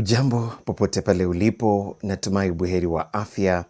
Hujambo popote pale ulipo, natumai buheri wa afya.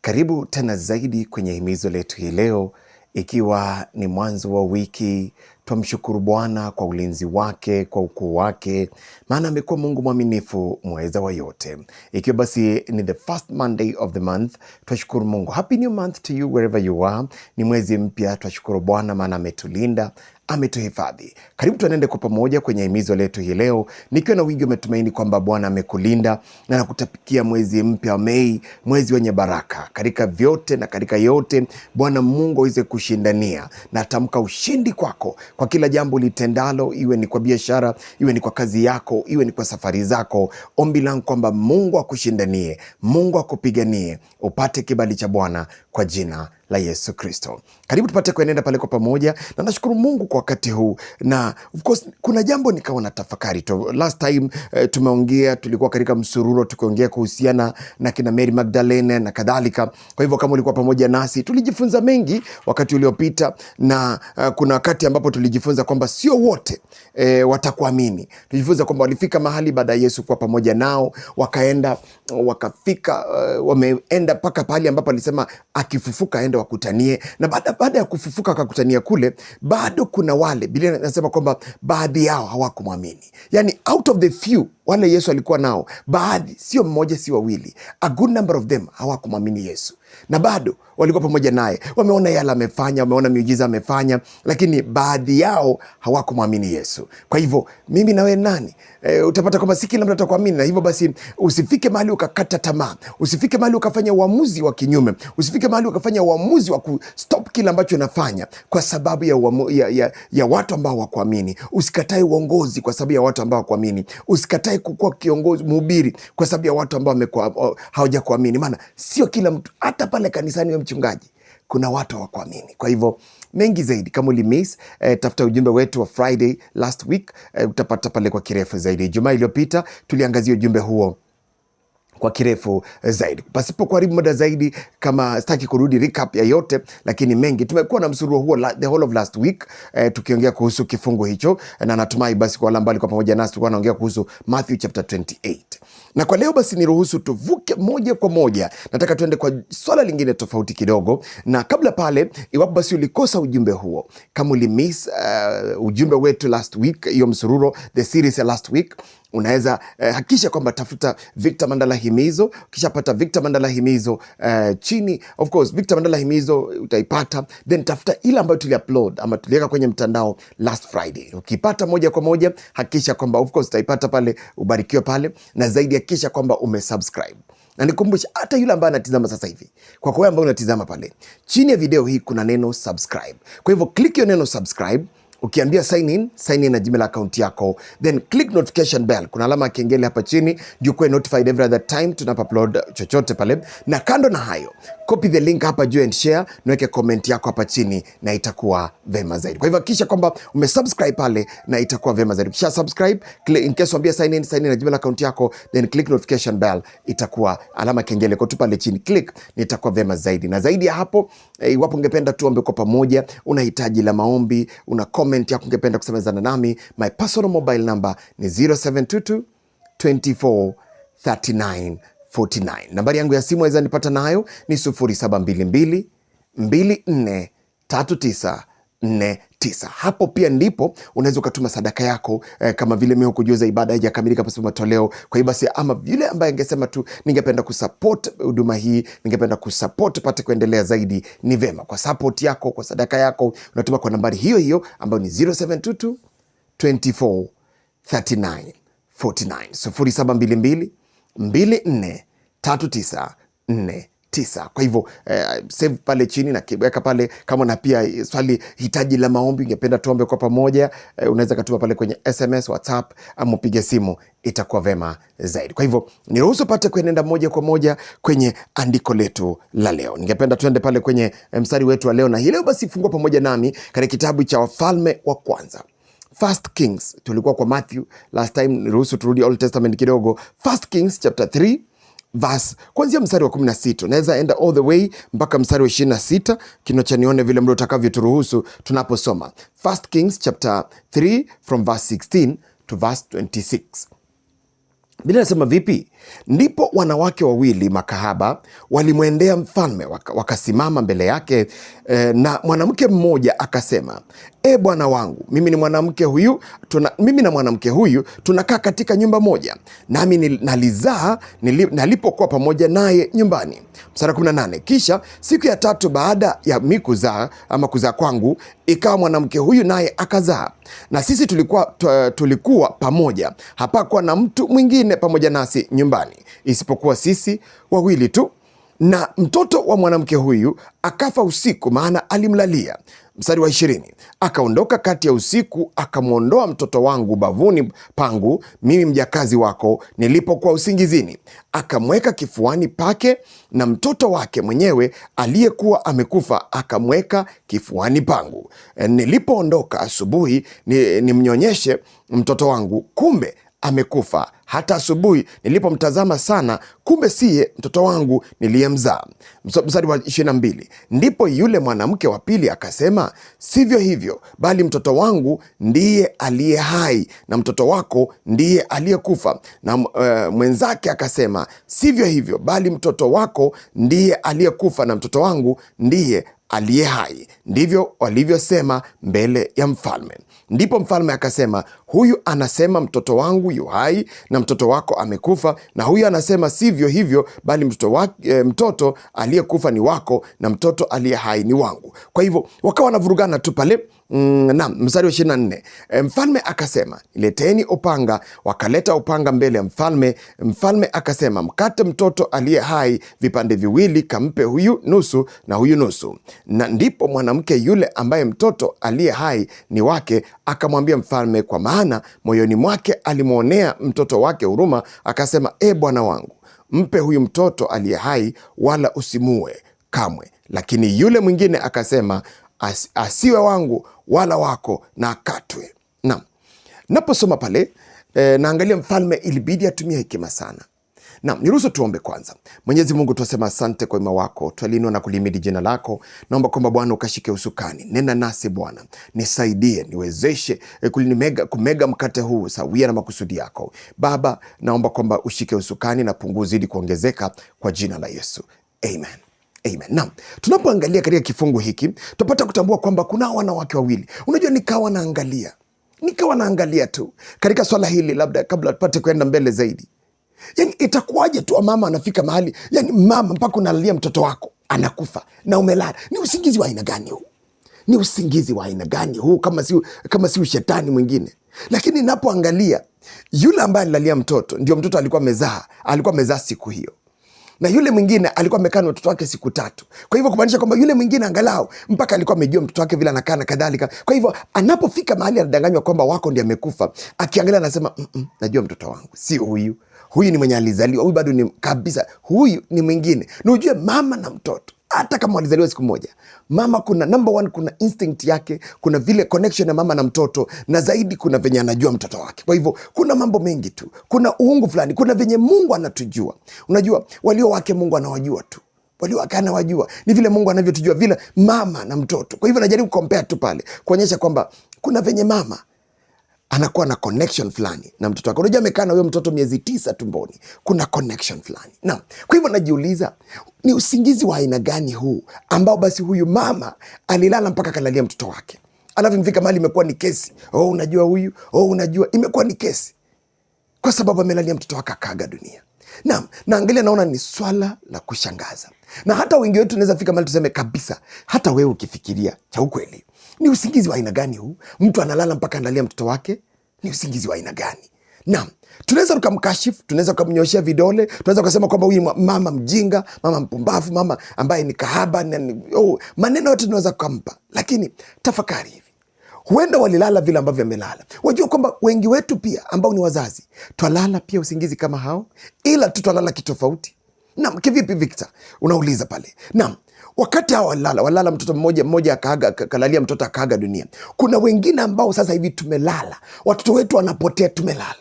Karibu tena zaidi kwenye himizo letu hii leo, ikiwa ni mwanzo wa wiki Twamshukuru Bwana kwa ulinzi wake, kwa ukuu wake, maana amekuwa Mungu mwaminifu, mweza wa yote. Ikiwa basi ni the first Monday of the month, twashukuru Mungu. Happy new month to you wherever you are. Ni mwezi mpya, twashukuru Bwana maana ametulinda ametuhifadhi. Karibu tuenende kwa pamoja kwenye himizo letu hii leo, nikiwa na wingi umetumaini kwamba Bwana amekulinda na nakutapikia mwezi mpya wa Mei, mwezi wenye baraka katika vyote na katika yote. Bwana Mungu aweze kushindania na tamka ushindi kwako kwa kila jambo litendalo, iwe ni kwa biashara, iwe ni kwa kazi yako, iwe ni kwa safari zako. Ombi langu kwamba Mungu akushindanie, Mungu akupiganie, upate kibali cha Bwana kwa jina la Yesu Kristo. Karibu tupate kuenenda pale kwa pamoja, na nashukuru Mungu kwa wakati huu, na of course kuna jambo nikawa na tafakari to. Last time eh, tumeongea tulikuwa katika msururo tukiongea kuhusiana na kina Mary Magdalene na kadhalika. Kwa hivyo kama ulikuwa pamoja nasi, tulijifunza mengi wakati uliopita, na uh, kuna wakati ambapo tulijifunza kwamba sio wote eh, watakuamini. Tulijifunza kwamba walifika mahali baada ya Yesu kuwa pamoja nao, wakaenda wakafika, uh, wameenda mpaka pahali ambapo alisema akifufuka waende wakutanie, na baada baada ya kufufuka akakutania kule, bado kuna wale, Biblia inasema kwamba baadhi yao hawakumwamini. Yani out of the few wale Yesu alikuwa nao, baadhi, sio mmoja, si wawili, a good number of them hawakumwamini Yesu na bado walikuwa pamoja naye, wameona yale amefanya, wameona miujiza amefanya, lakini baadhi yao hawakumwamini Yesu. Kwa hivyo mimi na wewe nani? E, utapata kwamba si kila mtu atakuamini, na hivyo basi usifike mahali ukakata tamaa, usifike mahali ukafanya uamuzi wa kinyume, usifike mahali ukafanya uamuzi wa kustop kile ambacho unafanya kwa sababu ya, uamu, ya, ya, ya watu ambao hawakuamini. Usikatae uongozi kwa sababu ya watu ambao hawakuamini. Usikatae kukuwa kiongozi mhubiri kwa sababu ya watu ambao hawajakuamini, maana sio kila mtu hata pale kanisani, we mchungaji, kuna watu hawakuamini. Kwa hivyo mengi zaidi, kama ulimiss eh, tafuta ujumbe wetu wa Friday last week eh, utapata pale kwa kirefu zaidi. jumaa iliyopita tuliangazia ujumbe huo kwa kirefu eh, zaidi. Pasipo kuharibu muda zaidi, kama sitaki kurudi recap ya yote, lakini mengi tumekuwa na msuruo huo la, the whole of last week eh, tukiongea kuhusu kifungo hicho, eh, na natumai basi kwa wale ambao kwa pamoja nasi tulikuwa tunaongea kuhusu Matthew chapter 28 na kwa leo basi niruhusu tuvuke moja kwa moja, nataka tuende kwa swala lingine tofauti kidogo. Na kabla pale, iwapo basi ulikosa ujumbe huo, kama ulimiss uh, eh, ujumbe wetu last week, hiyo msururo the series ya last week unaweza eh, hakikisha kwamba tafuta Victor Mandala Himizo, kisha pata Victor Mandala Himizo eh, chini, of course Victor Mandala himizo utaipata, then tafuta ile ambayo upload ama tuliweka kwenye mtandao last Friday. Ukipata moja kwa moja, hakikisha kwamba of course utaipata pale, ubarikiwe pale, na zaidi hakikisha kwamba umesubscribe na nikumbushe hata yule ambaye anatizama sasa hivi, kwa kwa wewe ambaye unatizama pale chini ya video hii kuna neno subscribe. Kwa hivyo click hiyo neno subscribe Ukiambia sign in, sign in na Gmail account yako, then click notification bell. Kuna alama kengele hapa chini juu kuwe notified every other time tunapo upload chochote pale. Na kando na hayo, copy the link hapa juu and share, naweke comment yako hapa chini na itakuwa vema zaidi. Kwa hivyo hakikisha kwamba umesubscribe pale na itakuwa vema zaidi. Kisha subscribe, in case uambia sign in, sign in na Gmail account yako, then click notification bell, itakuwa alama kengele kwa tu pale chini click, na itakuwa vema zaidi. Na zaidi ya hapo, eh, iwapo ungependa tuombe kwa pamoja, unahitaji la maombi, una comment comment yako ungependa kusemezana nami, my personal mobile number ni 0722 24 3949. Nambari yangu ya simu aweza nipata nayo ni 0722 24 39 tisa. Hapo pia ndipo unaweza ukatuma sadaka yako eh, kama vile mimi hukujuza ibada haijakamilika pasipo matoleo. Kwa hiyo basi, ama yule ambaye angesema tu ningependa kusupport huduma hii, ningependa kusupport pate kuendelea zaidi, ni vema kwa support yako, kwa sadaka yako, unatuma kwa nambari hiyo hiyo ambayo ni 0722 24 39 49 0722 24 39 tisa. Kwa hivyo eh, save pale chini na kiweka pale kama, na pia eh, swali hitaji la maombi ungependa tuombe kwa pamoja eh, unaweza katuma pale kwenye SMS, WhatsApp ama upige simu, itakuwa vema zaidi. Kwa hivyo niruhusu pate kuenenda moja kwa moja kwenye andiko letu la leo. Ningependa tuende pale kwenye eh, mstari wetu wa leo, na hii leo basi fungua pamoja nami katika kitabu cha Wafalme wa Kwanza. First Kings, tulikuwa kwa Matthew last time, niruhusu turudi Old Testament kidogo. First Kings chapter 3 verse kuanzia mstari wa 16 naweza enda all the way mpaka mstari wa 26. Kinocha nione vile mdo utakavyoturuhusu tunaposoma First Kings chapter 3 from verse 16 to verse 26. bila nasema vipi? Ndipo wanawake wawili makahaba walimwendea mfalme waka, wakasimama mbele yake e, na mwanamke mmoja akasema, e bwana wangu, mimi ni mwanamke huyu tuna, mimi na mwanamke huyu tunakaa katika nyumba moja, nami nalizaa nalipokuwa pamoja naye nyumbani. Mstari 18, kisha siku ya tatu baada ya mi kuzaa ama kuzaa kwangu, ikawa mwanamke huyu naye akazaa, na sisi tulikuwa tulikuwa pamoja, hapakuwa na mtu mwingine pamoja nasi nyumbani nyumbani isipokuwa sisi wawili tu, na mtoto wa mwanamke huyu akafa usiku, maana alimlalia. Mstari wa ishirini, akaondoka kati ya usiku akamwondoa mtoto wangu bavuni pangu, mimi mjakazi wako, nilipokuwa usingizini, akamweka kifuani pake, na mtoto wake mwenyewe aliyekuwa amekufa akamweka kifuani pangu. E, nilipoondoka asubuhi nimnyonyeshe ni mtoto wangu, kumbe amekufa. Hata asubuhi nilipomtazama sana, kumbe siye mtoto wangu niliyemzaa. Mstari wa na mbili ndipo yule mwanamke wa pili akasema, sivyo hivyo, bali mtoto wangu ndiye aliye hai na mtoto wako ndiye aliyekufa. Na uh, mwenzake akasema, sivyo hivyo, bali mtoto wako ndiye aliyekufa na mtoto wangu ndiye aliye hai. Ndivyo walivyosema mbele ya mfalme. Ndipo mfalme akasema Huyu anasema mtoto wangu yu hai na mtoto wako amekufa, na huyu anasema sivyo hivyo, bali mtoto, e, mtoto aliyekufa ni wako na mtoto aliye hai ni wangu. Kwa hivyo wakawa wanavurugana tu pale. Mm, naam, mstari wa 24. E, eh, mfalme akasema leteni upanga. Wakaleta upanga mbele ya mfalme. Mfalme akasema mkate mtoto aliye hai vipande viwili, kampe huyu nusu na huyu nusu. Na ndipo mwanamke yule ambaye mtoto aliye hai ni wake akamwambia mfalme, kwa maana maana moyoni mwake alimwonea mtoto wake huruma, akasema, E Bwana wangu, mpe huyu mtoto aliye hai, wala usimue kamwe. Lakini yule mwingine akasema, As, asiwe wangu wala wako, na akatwe. Naam, naposoma pale e, naangalia mfalme ilibidi atumie hekima sana na niruhusu tuombe kwanza. Mwenyezi Mungu, twasema asante kwa wema wako, twalinua na kulimidi jina lako. Naomba kwamba Bwana ukashike usukani, nena nasi Bwana, nisaidie, niwezeshe eh, kulimega, kumega mkate huu sawia na makusudi yako. Baba, naomba kwamba ushike usukani na pungu zidi kuongezeka kwa jina la Yesu, amen. Amen. Na tunapoangalia katika kifungu hiki tupata kutambua kwamba kuna wanawake wawili. Unajua, nikawa naangalia nikawa naangalia tu katika swala hili, labda kabla tupate kwenda mbele zaidi, Yani itakuwaje tu mama anafika mahali, yani mama mpaka unalalia mtoto wako anakufa na umelala? Ni usingizi wa aina gani huu? Ni usingizi wa aina gani huu, kama si kama si ushetani mwingine? Lakini napoangalia yule ambaye alilalia mtoto, ndio mtoto alikuwa amezaa, alikuwa amezaa siku hiyo na yule mwingine alikuwa amekaa na mtoto wake siku tatu. Kwa hivyo kumaanisha kwamba yule mwingine angalau mpaka alikuwa amejua mtoto wake vile anakaa na kadhalika. Kwa hivyo anapofika mahali anadanganywa kwamba wako ndio amekufa, akiangalia anasema mm -mm, najua mtoto wangu sio huyu huyu ni mwenye alizaliwa, huyu bado ni kabisa, huyu ni mwingine. Na ujue mama na mtoto hata kama walizaliwa siku moja, mama kuna number one, kuna instinct yake, kuna vile connection ya mama na mtoto, na zaidi kuna venye anajua mtoto wake. Kwa hivyo kuna mambo mengi tu, kuna uungu fulani, kuna venye Mungu anatujua. Unajua walio wake Mungu anawajua tu walio wake anawajua, ni vile Mungu anavyotujua vile mama na mtoto. Kwa hivyo najaribu compare tu pale kuonyesha kwamba kuna venye mama anakuwa na connection fulani na mtoto wake. Unajua, amekaa na huyo mtoto miezi tisa tumboni, kuna connection fulani na kwa hivyo najiuliza ni usingizi wa aina gani huu ambao basi huyu mama alilala mpaka akalalia mtoto wake, alafu imefika mahali imekuwa ni kesi. Oh, unajua huyu, oh, unajua, imekuwa ni kesi kwa sababu amelalia mtoto wake akaaga dunia. Naam, naangalia naona ni swala la kushangaza, na hata wengi wetu tunaweza fika mahali tuseme kabisa, hata wewe ukifikiria cha ukweli ni usingizi wa aina gani huu? Mtu analala mpaka analia mtoto wake, ni usingizi wa aina gani? Naam, tunaweza tukamkashifu, tunaweza tukamnyoshea vidole, tunaweza tukasema kwamba huyu mama mjinga, mama mpumbavu, mama ambaye ni kahaba ni, oh, maneno yote tunaweza tukampa, lakini tafakari hivi, huenda walilala vile ambavyo amelala. Wajua kwamba wengi wetu pia ambao ni wazazi twalala pia usingizi kama hao, ila tu twalala kitofauti. Naam, kivipi Victor? Unauliza pale. Naam, wakati hawa walala walala, mtoto mmoja mmoja akaaga, kalalia mtoto akaaga dunia. Kuna wengine ambao sasa hivi tumelala, watoto wetu wanapotea, tumelala.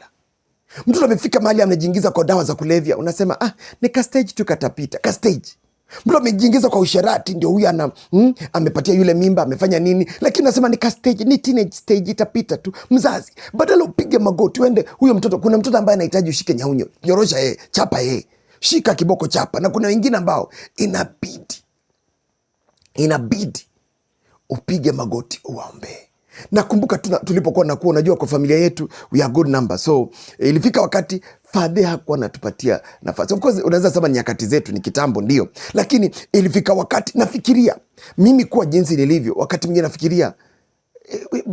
Mtoto amefika mahali amejiingiza kwa dawa za kulevya, unasema ah, ni kasteji tu katapita, kasteji mtu amejiingiza kwa usherati, ndio huyu ana mm, amepatia yule mimba, amefanya nini, lakini nasema ni kasteji, ni teenage stage, itapita tu. Mzazi badala upige magoti uende huyo mtoto. Kuna mtoto ambaye anahitaji ushike nyaunyo, nyorosha yeye, chapa yeye, shika kiboko, chapa. Na kuna wengine ambao inabidi inabidi upige magoti uwaombee. Nakumbuka tulipokuwa nakuwa, unajua kwa familia yetu we are good number, so ilifika wakati Fadhe hakuwa natupatia nafasi. Of course unaweza sema ni nyakati zetu, ni kitambo ndio, lakini ilifika wakati nafikiria mimi kuwa jinsi nilivyo, wakati mwingine nafikiria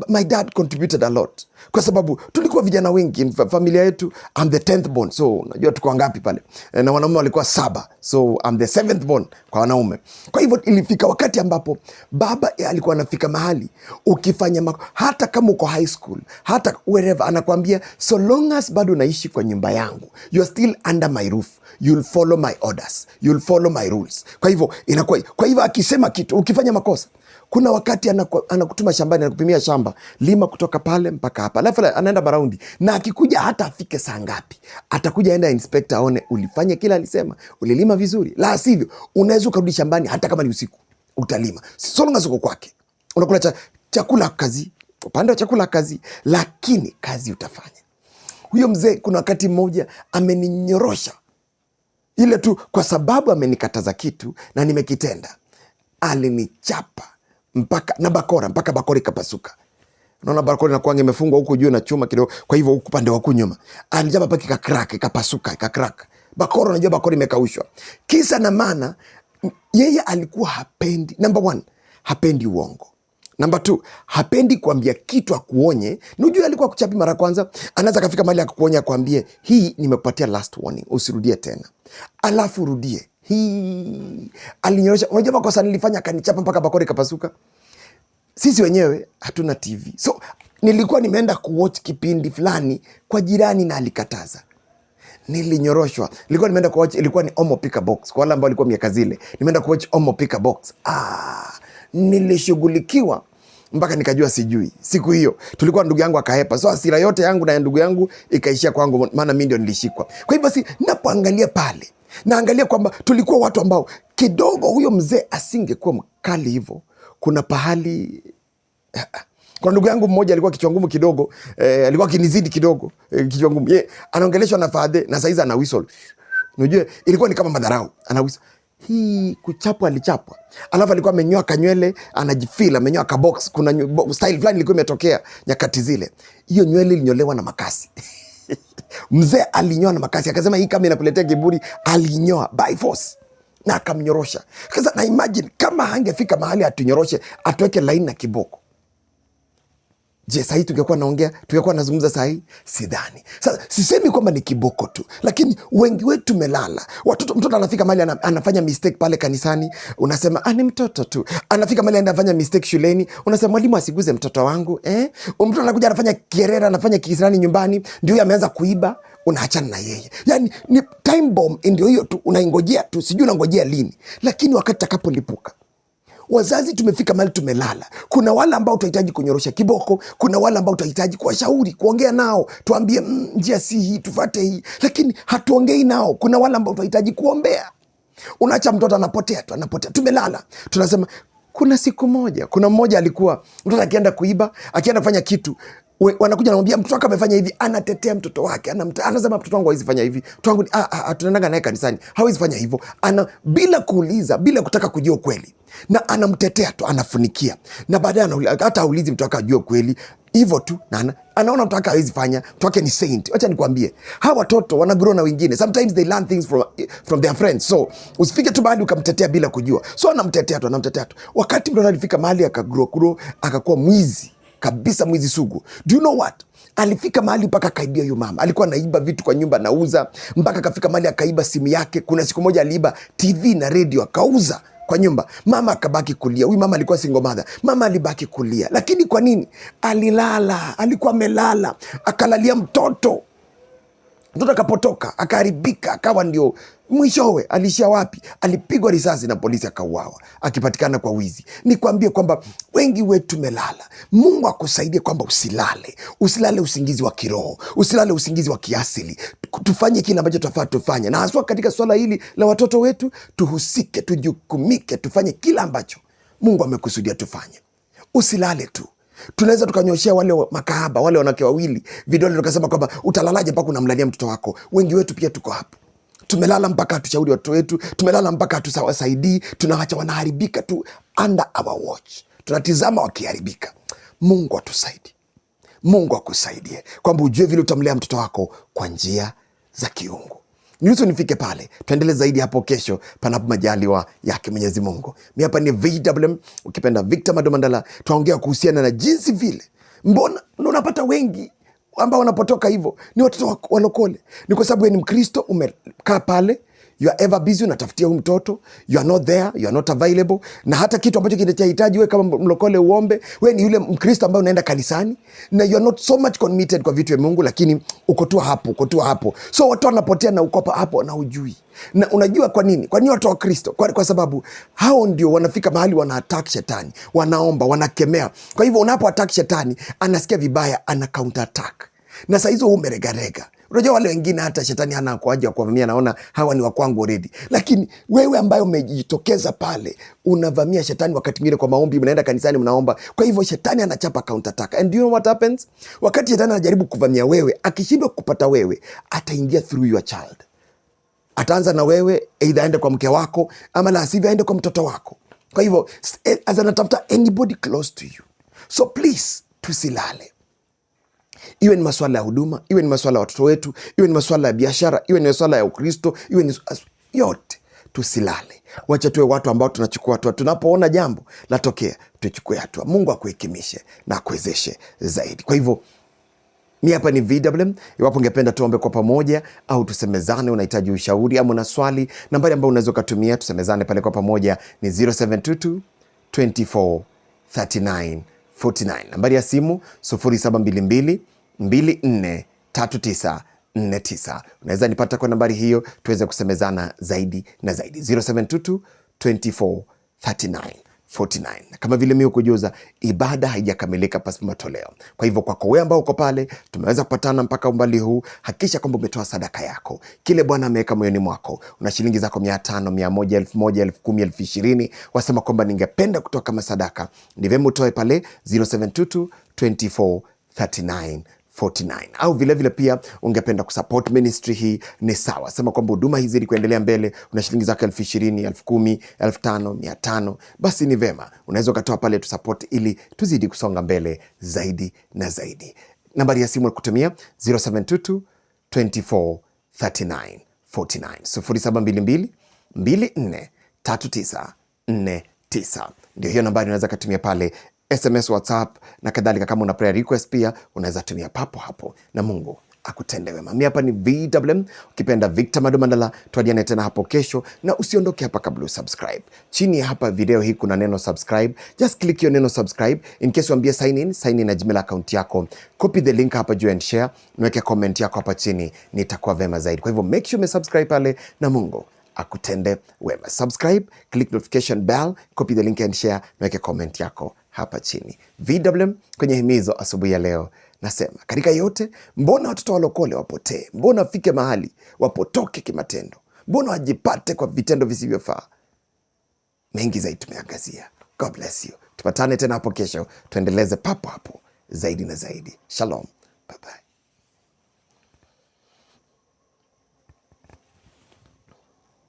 my dad contributed a lot kwa sababu tulikuwa vijana wengi familia yetu. I'm the tenth born, so unajua tuko ngapi pale, eh, na wanaume walikuwa saba, so I'm the seventh born kwa wanaume. Kwa hivyo ilifika wakati ambapo baba eh, alikuwa anafika mahali ukifanya mako, hata kama uko high school, hata wherever, anakuambia so long as bado unaishi kwa nyumba yangu, you are still under my roof, you'll follow my orders, you'll follow my rules. Kwa hivyo inakuwa, kwa hivyo akisema kitu ukifanya makosa kuna wakati anaku, anakutuma shambani, anakupimia shamba, lima kutoka pale mpaka hapa, alafu anaenda baraundi, na akikuja hata afike saa ngapi, atakuja aenda inspekta aone ulifanya kila alisema, ulilima vizuri, la sivyo unaweza ukarudi shambani hata kama ni usiku, utalima solonga soko kwake, unakula cha, chakula kazi, upande wa chakula kazi, lakini kazi utafanya. Huyo mzee kuna wakati mmoja ameninyorosha ile tu kwa sababu amenikataza kitu na nimekitenda, alinichapa mpaka na bakora mpaka bakora ikapasuka. Unaona bakora inakuwa imefungwa huku juu na chuma kidogo, kwa hivyo huku pande wa kunyuma anijaba paki ka crack ikapasuka ikakrak. Bakora unajua bakora imekaushwa. Kisa na maana yeye alikuwa hapendi, number one, hapendi uongo. Namba tu hapendi kuambia kitu akuonye. Nujua alikuwa kuchapi mara kwanza, anaweza kafika mahali akakuonya, akuambie hii nimepatia last warning, usirudie tena, alafu rudie hii alinyorosha. Unajua makosa nilifanya, akanichapa mpaka bakori kapasuka. Sisi wenyewe hatuna TV, so nilikuwa nimeenda kuwatch kipindi fulani kwa jirani na alikataza nilinyoroshwa. Nilikuwa nimeenda kuwatch, ilikuwa ni Omo Pika Box kwa wale ambao walikuwa miaka zile, nimeenda kuwatch Omo Pika Box. Ah, nilishughulikiwa mpaka nikajua sijui. Siku hiyo tulikuwa ndugu yangu akahepa, so asira yote yangu na ya ndugu yangu ikaishia kwangu, maana mi ndio nilishikwa. Kwa hivyo basi, napoangalia pale Naangalia kwamba tulikuwa watu ambao kidogo huyo mzee asingekuwa mkali hivo. Kuna pahali kuna ndugu yangu mmoja alikuwa kichwa ngumu kidogo eh, alikuwa kinizidi kidogo eh, kichwa ngumu ye yeah, anaongeleshwa na fadhe na saizi ana whistle. Unajua ilikuwa ni kama madharau, ana whistle hii kuchapwa, alichapwa alafu alikuwa amenyoa kanywele, anajifila amenyoa kabox. Kuna style fulani ilikuwa imetokea nyakati zile, hiyo nywele ilinyolewa na makasi Mzee alinyoa na makasi, akasema hii kama inakuletea kiburi. Alinyoa by force na akamnyorosha. Sasa na imagine kama hangefika mahali atunyoroshe, atuweke laini na kiboko Je, sahii tungekuwa naongea tungekuwa nazungumza sahii? Sidhani. Sasa sisemi kwamba ni kiboko tu, lakini wengi wetu tumelala. Watoto, mtoto anafika mali anafanya mistake pale kanisani, unasema ah, ni mtoto tu. Anafika mali anafanya mistake shuleni, unasema mwalimu asiguze mtoto wangu eh? Mtoto anakuja anafanya kierera, anafanya kisirani nyumbani, ndio ameanza kuiba unaachana na yeye. Yani ni time bomb, ndio hiyo tu, unaingojea tu, sijui unangojea lini, lakini wakati takapolipuka Wazazi tumefika mali tumelala. Kuna wale ambao tunahitaji kunyorosha kiboko, kuna wale ambao tunahitaji kuwashauri, kuongea nao, tuambie mm, njia si hii, tufate hii, lakini hatuongei nao. Kuna wale ambao tunahitaji kuombea. Unaacha mtoto anapotea tu, anapotea, tumelala, tunasema kuna siku moja, kuna mmoja alikuwa mtoto akienda kuiba, akienda kufanya kitu wanakuja namwambia mtoto wake amefanya hivi, anatetea mtoto wake, anasema mtoto wangu hawezi fanya hivi, mtoto wangu ah, ah, ah, tunaendaga naye kanisani, hawezi fanya hivyo, ana bila kuuliza, bila kutaka kujua ukweli, na anamtetea tu, anafunikia, na baadaye hata aulizi mtoto wake ajue ukweli hivyo tu nana anaona mtu wake hawezi fanya, mtu wake ni saint. Wacha nikuambie, hawa watoto wanagrow na wengine, sometimes they learn things from, from their friends. So usifike tu mahali ukamtetea bila kujua. So anamtetea tu, anamtetea tu, wakati mtoto alifika mahali akagrow grow, akakuwa mwizi kabisa, mwizi sugu. Do you know what? Alifika mahali mpaka akaibia huyo mama. Alikuwa anaiba vitu kwa nyumba, anauza mpaka akafika mahali akaiba simu yake. Kuna siku moja aliiba TV na redio akauza kwa nyumba. Mama akabaki kulia. Huyu mama alikuwa single mother. Mama alibaki kulia, lakini kwa nini? Alilala, alikuwa amelala, akalalia mtoto Mtoto akapotoka akaharibika, akawa ndio mwishowe. Aliishia wapi? Alipigwa risasi na polisi akauawa, akipatikana kwa wizi. Nikwambie kwamba wengi wetu tumelala. Mungu akusaidie kwamba usilale, usilale usingizi wa kiroho, usilale usingizi wa kiasili. Tufanye kile ambacho tunafaa tufanye, na haswa katika swala hili la watoto wetu, tuhusike, tujukumike, tufanye kila ambacho Mungu amekusudia tufanye. Usilale tu tunaweza tukanyoshea wale makahaba wale wanawake wawili vidole, tukasema kwamba utalalaje mpaka unamlalia mtoto wako? Wengi wetu pia tuko hapo, tumelala mpaka hatushauri watoto wetu, tumelala mpaka hatusawasaidii, tunawacha wanaharibika tu under our watch, tunatizama wakiharibika. Mungu atusaidie, Mungu akusaidie kwamba ujue vile utamlea mtoto wako kwa njia za kiungu niruhusu nifike pale, tuendele zaidi hapo kesho, panapo majaliwa yake Mwenyezi Mungu. Mi hapa ni VMM, ukipenda Victor Madomandala, tuaongea kuhusiana na jinsi vile, mbona unapata wengi ambao wanapotoka hivyo ni watoto walokole, ni kwa sababu ni Mkristo, umekaa pale you are ever busy, unatafutia huyu mtoto, you are not there, you are not available. Na hata kitu ambacho kinachahitaji wewe kama mlokole uombe, wewe ni yule Mkristo ambaye unaenda kanisani na you are not so much committed kwa vitu vya Mungu, lakini uko tu hapo, uko tu hapo. So watu wanapotea na ukopa hapo na ujui. Na unajua kwa nini? Kwa nini watu wa Kristo? Kwa, kwa sababu hao ndio wanafika mahali wana attack shetani, wanaomba, wanakemea. Kwa hivyo unapo attack shetani, anasikia vibaya, ana counter attack. Na saa hizo umeregarega Unajua wale wengine hata shetani hana kwaja wa kuvamia, naona hawa ni wakwangu already. Lakini wewe ambaye umejitokeza pale, unavamia shetani. Wakati mwingine kwa maombi, mnaenda kanisani, mnaomba. Kwa hivyo shetani anachapa counter attack, and you know what happens? Wakati shetani anajaribu kuvamia wewe, akishindwa kupata wewe, ataingia through your child. Ataanza na wewe, either aende kwa mke wako, ama la sivyo aende kwa mtoto wako. Kwa hivyo eh, as anatafuta anybody close to you, so please tusilale iwe ni maswala ya huduma, iwe ni maswala ya watoto wetu, iwe ni maswala ya biashara, iwe ni maswala ya Ukristo, iwe ni yote, tusilale. Wacha tuwe watu ambao tunachukua hatua, tunapoona jambo latokea tuchukue hatua. Mungu akuhekimishe na akuwezeshe zaidi. Kwa hivyo mi hapa ni VMM. Iwapo ungependa tuombe kwa pamoja au tusemezane, unahitaji ushauri ama una swali, nambari ambayo unaweza ukatumia tusemezane pale kwa pamoja ni 0722 24 39 49, nambari ya simu 0722 243949. Unaweza nipata kwa nambari hiyo tuweze kusemezana zaidi na zaidi 0722 24 39 Kama vile mi hukujuza, ibada haijakamilika pasipo matoleo. Kwa hivyo, kwako wewe ambao uko pale, tumeweza kupatana mpaka umbali huu, hakikisha kwamba umetoa sadaka yako, kile Bwana ameweka moyoni mwako. Una shilingi zako mia tano, mia moja, elfu moja, wasema kwamba ningependa kutoa kama sadaka, ni vyema utoe pale 0722 49 au vilevile vile pia ungependa kusupport ministry hii, ni sawa. Sema kwamba huduma hizi ili kuendelea mbele, una shilingi zako elfu ishirini, elfu kumi, elfu tano, mia tano, basi ni vema, unaweza ukatoa pale tu support, ili tuzidi kusonga mbele zaidi na zaidi. Nambari ya simu ya kutumia 0722 24 39 49 0722 24 39 49 ndio hiyo nambari unaweza kutumia pale SMS, WhatsApp na kadhalika. Kama una prayer request pia unaweza tumia papo hapo, na Mungu akutende wema. Mimi hapa ni VMM, ukipenda Victor Mandala, tuadiane tena hapo kesho, na usiondoke hapa kabla usubscribe. Chini ya hapa video hii kuna neno subscribe, just click hiyo neno subscribe. In case uambie sign in, sign in na Gmail account yako, copy the link hapa juu and share, niweke comment yako hapa chini, nitakuwa vema zaidi. Kwa hivyo make sure umesubscribe pale, na Mungu akutende wema. Subscribe, click notification bell, copy the link and share, niweke comment yako hapa chini. VMM kwenye himizo asubuhi ya leo nasema, katika yote mbona watoto walokole wapotee? Mbona wafike mahali wapotoke kimatendo? Mbona wajipate kwa vitendo visivyofaa? Mengi zaidi tumeangazia. God bless you. Tupatane tena hapo kesho, tuendeleze papo hapo zaidi na zaidi. Shalom, bye bye.